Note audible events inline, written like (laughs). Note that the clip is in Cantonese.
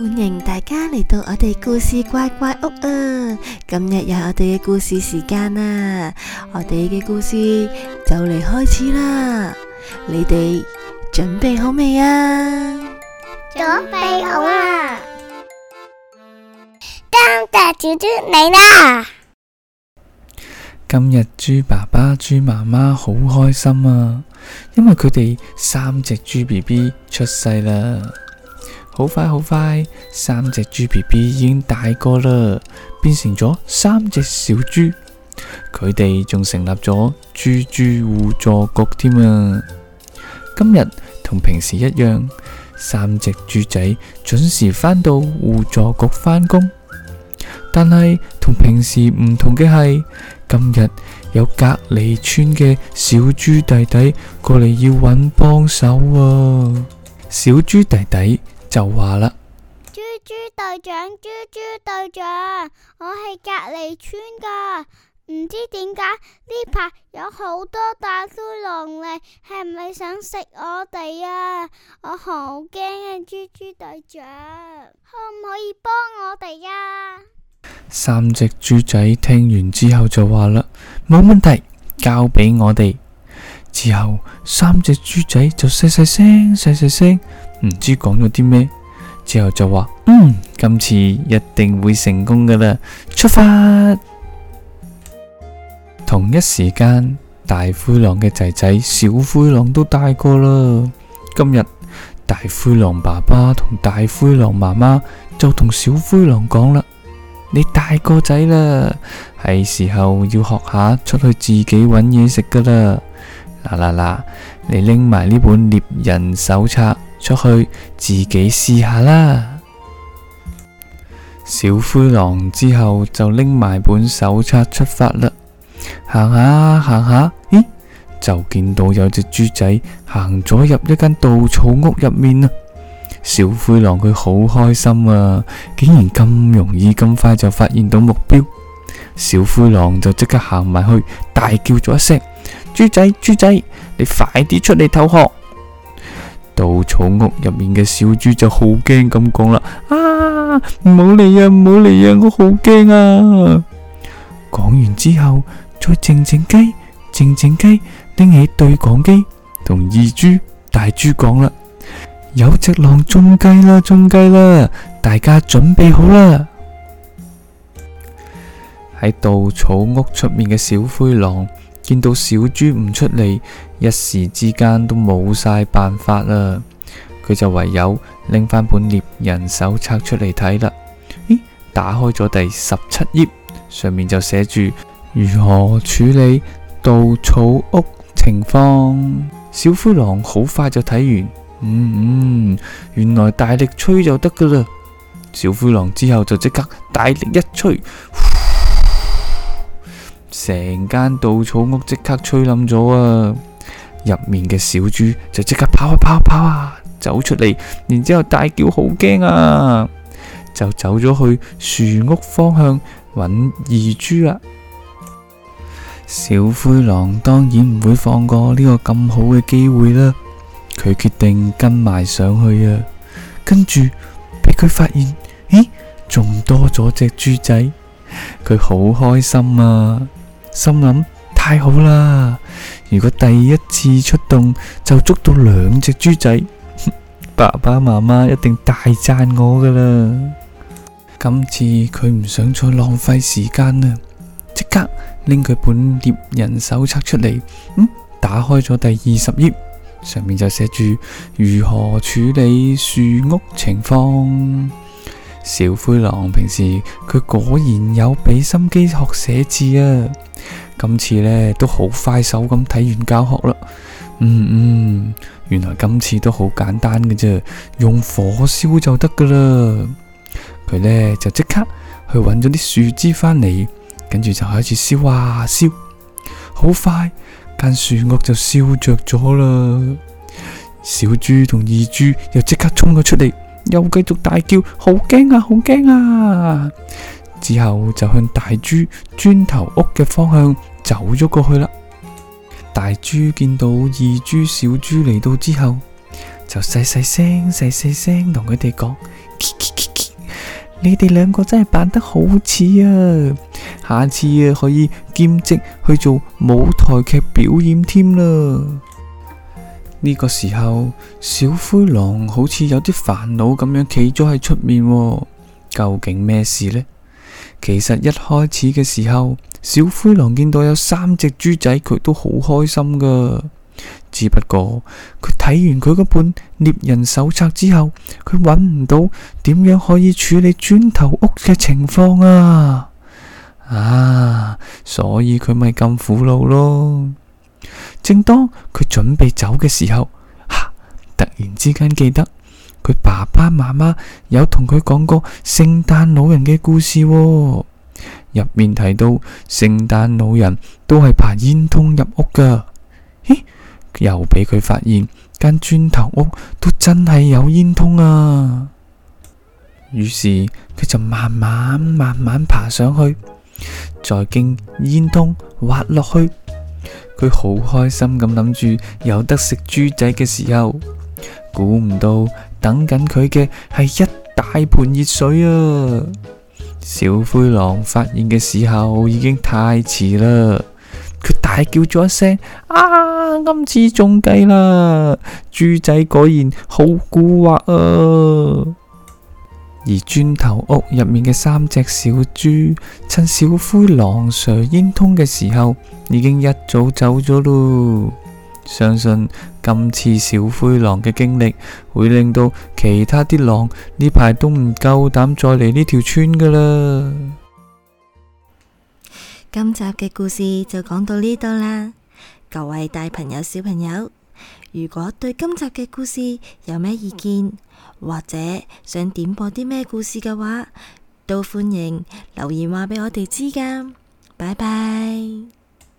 歡迎大家嚟到我哋故事乖乖屋啊！今日有我哋嘅故事時間啊！我哋嘅故事就嚟開始啦，你哋準備好未啊？準備好啦！今日小豬你啦！今日豬爸爸、豬媽媽好開心啊，因為佢哋三隻豬 BB 出世啦。好快，好快，三隻豬 B B 已經大個啦，變成咗三隻小豬。佢哋仲成立咗豬豬互助局添啊！今日同平時一樣，三隻豬仔準時返到互助局返工，但係同平時唔同嘅係，今日有隔離村嘅小豬弟弟過嚟要揾幫手啊！小豬弟弟。就話啦，豬豬隊長，豬豬隊長，我係隔籬村噶，唔知點解呢排有好多大灰狼嚟，係唔係想食我哋啊？我好驚啊！豬豬隊長，可唔可以幫我哋呀、啊？三隻豬仔聽完之後就話啦，冇問題，交俾我哋。之後三隻豬仔就細細聲，細細聲。唔知講咗啲咩，之後就話：嗯，今次一定會成功噶啦，出發。同一時間，大灰狼嘅仔仔小灰狼都大個啦。今日大灰狼爸爸同大灰狼媽媽就同小灰狼講啦：你大個仔啦，係時候要學下出去自己揾嘢食噶啦,啦,啦。嗱嗱嗱，你拎埋呢本獵人手冊。出去自己試下啦。小灰狼之後就拎埋本手冊出發啦，行下行下，咦，就見到有隻豬仔行咗入一間稻草屋入面啊！小灰狼佢好開心啊，竟然咁容易咁快就發現到目標，小灰狼就即刻行埋去，大叫咗一聲：豬仔豬仔，你快啲出嚟投降！稻草屋入面嘅小豬就好驚咁講啦：啊，唔好嚟啊，唔好嚟啊，我好驚啊！講完之後，再靜靜雞、靜靜雞，拎起對講機同二豬、大豬講啦：有隻狼中計啦，中計啦！大家準備好啦！喺稻草屋出面嘅小灰狼，見到小豬唔出嚟，一時之間都冇晒辦法啦。佢就唯有拎翻本獵人手冊出嚟睇啦。咦，打開咗第十七頁，上面就寫住如何處理稻草屋情況。小灰狼好快就睇完，嗯嗯，原來大力吹就得噶啦。小灰狼之後就即刻大力一吹。成間稻草屋即刻吹冧咗啊！入面嘅小豬就即刻跑啊跑啊跑啊，走出嚟，然之後大叫好驚啊，就走咗去樹屋方向揾二豬啦。小灰狼當然唔會放過呢個咁好嘅機會啦，佢決定跟埋上去啊。跟住俾佢發現，咦，仲多咗隻豬仔，佢好開心啊！心諗太好啦！如果第一次出動就捉到兩隻豬仔， (laughs) 爸爸媽媽一定大贊我㗎喇。今次佢唔想再浪費時間啦，即刻拎佢本獵人手冊出嚟，嗯，打開咗第二十頁，上面就寫住如何處理樹屋情況。小灰狼平時佢果然有俾心機學寫字啊！今次呢都好快手咁睇完教學啦。嗯嗯，原來今次都好簡單嘅啫，用火燒就得噶啦。佢呢就即刻去揾咗啲樹枝返嚟，跟住就開始燒啊燒，好快間樹屋就燒着咗啦。小豬同二豬又即刻沖咗出嚟。又繼續大叫，好驚啊，好驚啊！之後就向大豬磚頭屋嘅方向走咗過去啦。大豬見到二豬、小豬嚟到之後，就細細聲、細細聲同佢哋講：你哋兩個真係扮得好似啊！下次啊，可以兼職去做舞台劇表演添啦。呢個時候，小灰狼好似有啲煩惱咁樣企咗喺出面喎，究竟咩事呢？其實一開始嘅時候，小灰狼見到有三隻豬仔，佢都好開心噶。只不過佢睇完佢嗰本獵人手冊之後，佢揾唔到點樣可以處理磚頭屋嘅情況啊！啊，所以佢咪咁苦惱咯。.正當佢準備走嘅時候，哈、啊！突然之間記得佢爸爸媽媽有同佢講過聖誕老人嘅故事，哦，入面提到聖誕老人都係爬煙囪入屋噶。咦，又俾佢發現間磚頭屋都真係有煙囪啊！於是佢就慢慢慢慢爬上去，再經煙囪滑落去。佢好開心咁諗住有得食豬仔嘅時候，估唔到等緊佢嘅係一大盤熱水啊！小灰狼發現嘅時候已經太遲啦，佢大叫咗一聲：啊！今次中計啦！豬仔果然好蠱惑啊！而磚頭屋入面嘅三隻小豬，趁小灰狼上煙通嘅時候，已經一早走咗咯。相信今次小灰狼嘅經歷，會令到其他啲狼呢排都唔夠膽再嚟呢條村噶啦。今集嘅故事就講到呢度啦，各位大朋友、小朋友。如果對今集嘅故事有咩意見，或者想點播啲咩故事嘅話，都歡迎留言話畀我哋知㗎。拜拜。